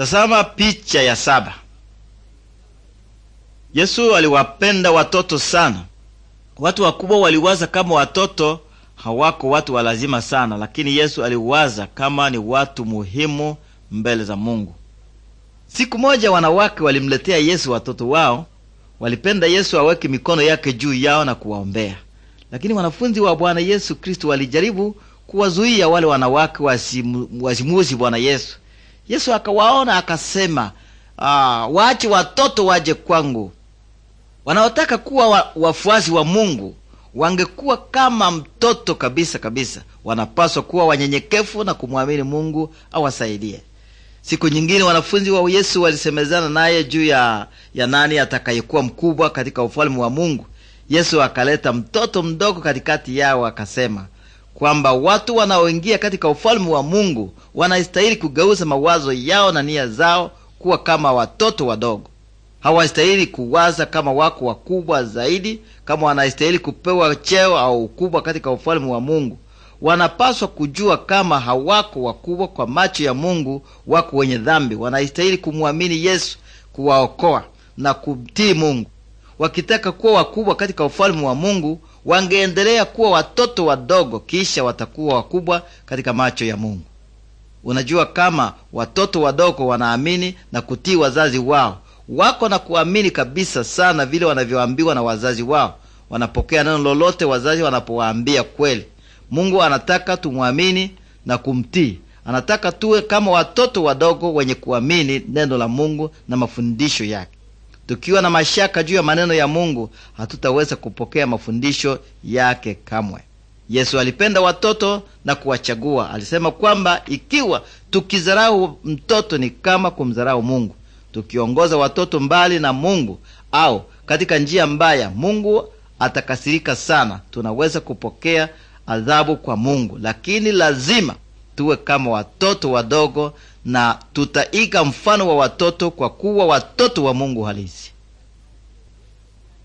Tazama picha ya saba. Yesu aliwapenda watoto sana. Watu wakubwa waliwaza kama watoto hawako watu wa lazima sana, lakini Yesu aliwaza kama ni watu muhimu mbele za Mungu. Siku moja wanawake walimletea Yesu watoto wao. Walipenda Yesu aweke mikono yake juu yao na kuwaombea, lakini wanafunzi wa Bwana Yesu Kristo walijaribu kuwazuia wale wanawake wasimuzi Bwana Yesu. Yesu akawaona akasema, ah, waache watoto waje kwangu. Wanaotaka kuwa wa, wafuasi wa Mungu wangekuwa kama mtoto kabisa kabisa. Wanapaswa kuwa wanyenyekevu na kumwamini Mungu awasaidie. Siku nyingine wanafunzi wa Yesu walisemezana naye juu ya, ya nani atakayekuwa mkubwa katika ufalme wa Mungu. Yesu akaleta mtoto mdogo katikati yao akasema kwamba watu wanaoingia katika ufalme wa Mungu wanastahili kugeuza mawazo yao na nia zao kuwa kama watoto wadogo. Hawastahili kuwaza kama wako wakubwa zaidi, kama wanastahili kupewa cheo au ukubwa katika ufalme wa Mungu. Wanapaswa kujua kama hawako wakubwa kwa macho ya Mungu, wako wenye dhambi. Wanastahili kumwamini Yesu kuwaokoa na kumtii Mungu. Wakitaka kuwa wakubwa katika ufalme wa Mungu, wangeendelea kuwa watoto wadogo, kisha watakuwa wakubwa katika macho ya Mungu. Unajua, kama watoto wadogo wanaamini na kutii wazazi wao, wako na kuamini kabisa sana vile wanavyoambiwa na wazazi wao, wanapokea neno lolote wazazi wanapowaambia kweli. Mungu anataka tumwamini na kumtii. Anataka tuwe kama watoto wadogo wenye kuamini neno la Mungu na mafundisho yake. Tukiwa na mashaka juu ya maneno ya Mungu, hatutaweza kupokea mafundisho yake kamwe. Yesu alipenda watoto na kuwachagua. Alisema kwamba ikiwa tukizarau mtoto ni kama kumzarau Mungu. Tukiongoza watoto mbali na Mungu au katika njia mbaya, Mungu atakasirika sana. Tunaweza kupokea adhabu kwa Mungu, lakini lazima tuwe kama watoto wadogo na tutaiga mfano wa watoto kwa kuwa watoto wa Mungu halisi.